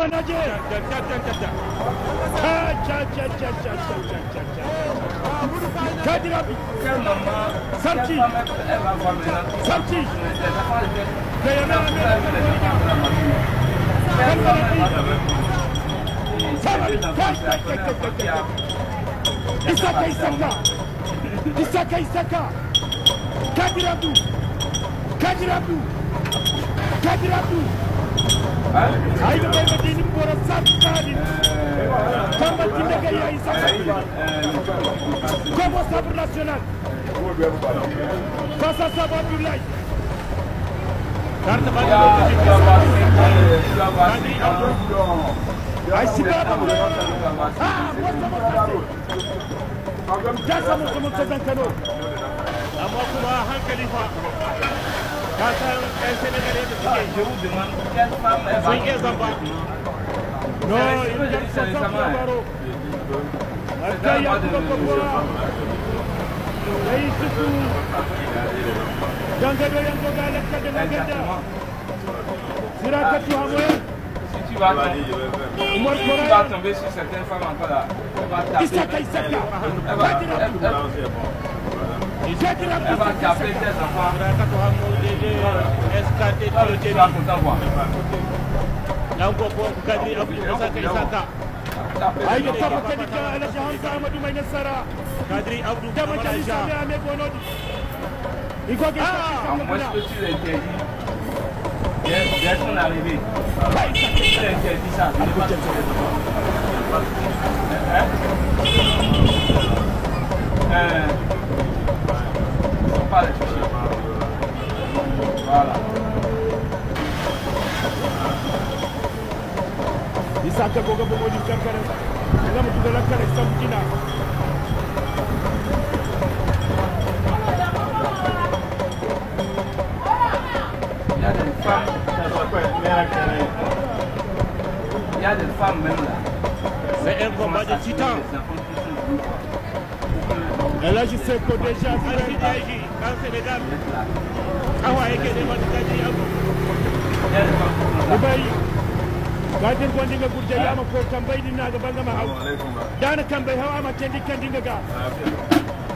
Kapanacı. Çat çat çat çat çat çat çat çat çat. Kadir abi. Sarçı. Sarçı. Beyana İsaka İsaka İsaka İsaka Kadir Abdu Kadir Abdu Kadir Abdu هاي ما يمديني بورا صفاري كما تلقى يا إسحاق كما صبر ناسيونال كاسا صبر عبد الله كارت خالد هاي سبابة ها مصطفى جاسم مصطفى كانوا أما كما هنكلفة Si tu vas, tomber sur certaines femmes encore là, elle va taper. vou ko ko kadri abu isaka isaka ai da vou kadi ka ala jahan sa amadu mai nasara vou abu da mai jahan sa mai gono di vou ke sa an wasu ci da ke yi vou yes na ribi kai sa ke sa ne ba mi sacca ko gabo woni kankare ngam tu dala kare samkina Il y a des femmes même là. C'est un combat de titan. Et là, je sais que déjà, en Sénégal, ah ouais, que des gens qui ont dit, ah bon. gatin kon dinga gurje ya ma ko tambayi din na gaban gama hau dana tambayi hawa ma tendi kan dinga ga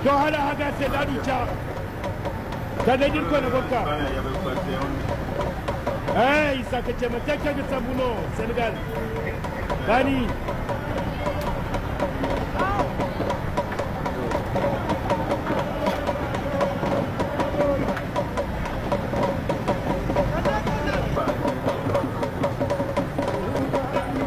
to hada haga sai da duca ta da din ko na gokka eh isa ka ce ma tekka ga sabuno senegal bani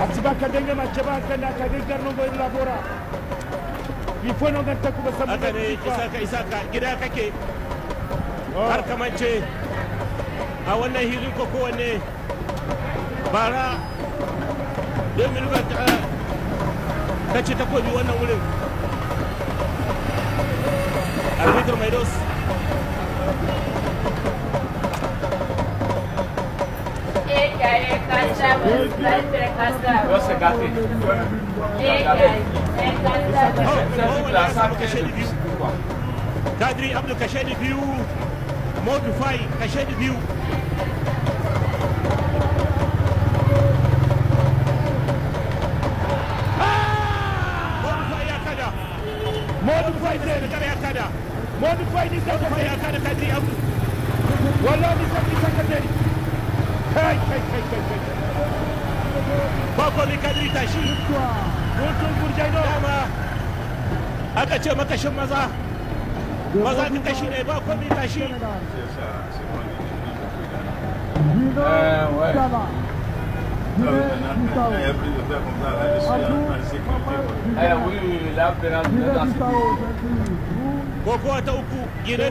Atsiba kadenge majaba kanda kadengar no goyi labora. Ifo no ganta kuma samu. Haka ne isaka isaka gida kake. Har a wannan hilin ko kowanne bara oh. domin ba ta ce ta wannan wurin. mai Maidos. تدري قبل كشاد فيو موديفاي كشاد فيو موديفاي زي كده يا كده موديفاي دي زي كده يا كده تدري قبل والله دي زي كده Kai, kai, kai, kai, da dama. Aka ce makashin maza. Maza ka kashi ne Kokowa ta uku, Gine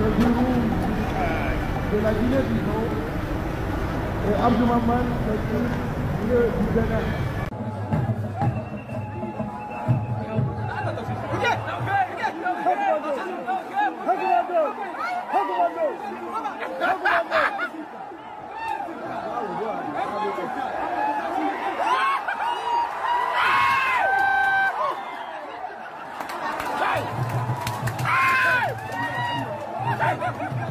le bureau de la Guinée-Bissau et Abdou Maman, le du Bénin. Ha, ha, ha!